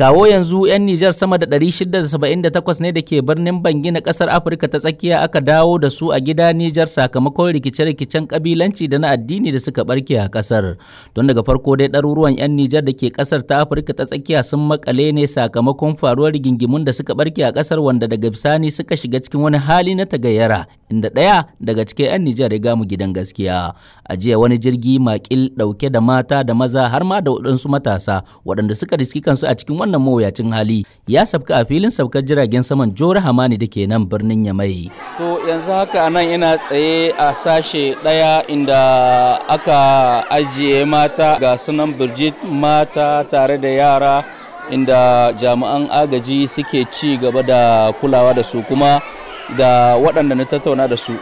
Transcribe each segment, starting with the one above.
kawo yanzu 'yan Nijar sama da 678 ne da ke birnin Bangi na kasar Afirka ta tsakiya aka dawo da su a gida Nijar sakamakon rikice-rikicen kabilanci da na addini da suka barke a kasar. Tun daga farko dai ɗaruruwan 'yan Nijar da ke kasar ta Afirka ta tsakiya sun makale ne sakamakon faruwar rigingimun da suka barke a kasar wanda daga bisani suka shiga cikin wani hali na tagayyara inda ɗaya daga cikin 'yan Nijar ya gamu gidan gaskiya. A jiya wani jirgi makil ɗauke da mata da maza har ma da waɗansu matasa waɗanda suka riski kansu a cikin wannan mawuyacin hali ya sabka a filin sabkar jiragen saman Jora Hamani da ke nan birnin Yamai. To yanzu haka a nan ina tsaye a sashe ɗaya inda aka ajiye mata ga sunan Birgit mata tare da yara inda jami'an agaji suke ci gaba da kulawa da su kuma da waɗanda na tattauna da su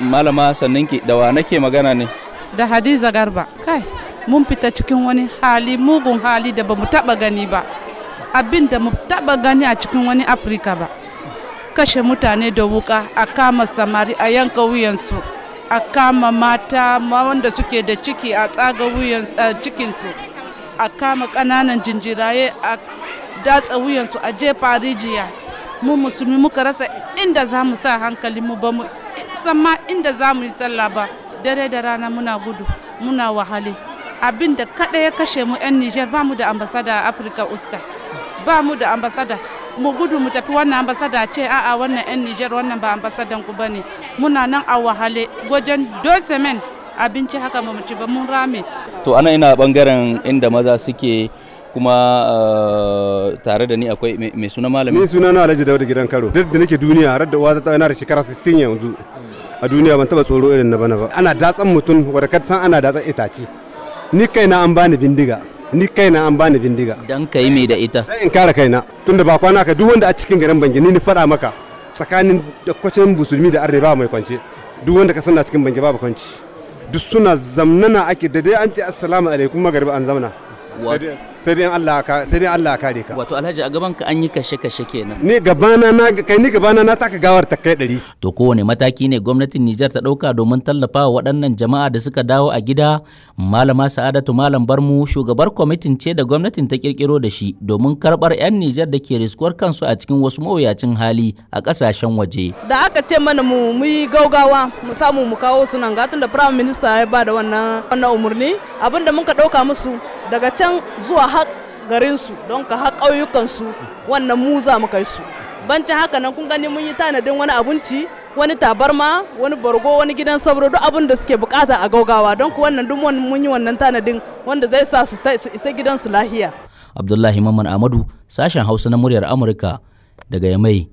malama sannan da wa nake magana ne da hadiza garba kai mun fita cikin wani hali mugun hali da ba mu taɓa gani ba abin da mu taɓa gani a cikin wani afirka ba kashe mutane da wuka a kama samari a yanka wuyansu a kama mata wanda suke da ciki a tsaga wuyan cikinsu a kama ƙananan jinjiraye a datsa wuyansu a jefa rijiya mu musulmi muka rasa inda za mu sa mu ba mu san ma inda za mu yi sallah ba dare da rana muna gudu muna wahale abin da kada ya kashe mu 'yan nijar ba mu da ambasada a afirka usta ba mu da ambasada mu gudu mu tafi wannan ambasada ce a'a wannan 'yan nijar wannan ba ambasadan ku bane muna nan a wahale wajen dosemen abinci haka mu ci ba mun rame to ana ina bangaren inda maza suke kuma eh, tare da ni akwai mai suna malami ni suna na alhaji dauda gidan karo duk da nake duniya har da wata tana da shekara 60 yanzu a duniya ban taba tsoro irin na bana ba ana datsan mutum wadda san ana datsan itace ni kaina an bani bindiga ni kaina an bani bindiga dan kai mai da ita Ɗan in kare kaina tunda ba kwana ka duk wanda a cikin garin bangi ni ni fada maka tsakanin da kwacin musulmi da arne ba mai kwance duk wanda ka sanna cikin bangi ba ba kwanci duk suna zamnana ake da dai an ce assalamu alaikum magarba an zamna sai dai Allah ka sai dai Allah ka ka wato alhaji a gaban ka an yi kashe kashe kenan ni gaba na kai ni gaba na taka gawar ta kai dari to kowane mataki ne gwamnatin Nijar ta dauka domin tallafawa waɗannan jama'a da suka dawo a gida malama Sa'adatu Malam Barmu shugabar kwamitin ce da gwamnatin ta kirkiro da shi domin karbar 'yan Nijar da ke riskuwar kansu a cikin wasu mawuyacin hali a kasashen waje da aka ce mana mu mu yi gaugawa mu samu mu kawo su nan gatun da prime minister ya ba da wannan wannan umurni abinda muka dauka musu daga can zuwa garinsu don ka har su wannan mu za mu kai su bancin haka nan kun gani mun yi tanadin wani abinci wani tabarma wani bargo wani gidan sabro duk abin da suke bukata a gaugawa don ku wannan duk mun yi wannan tanadin wanda zai sa su isa gidansu lahiya abdullahi mamman amadu sashen hausa na muryar amurka daga yamai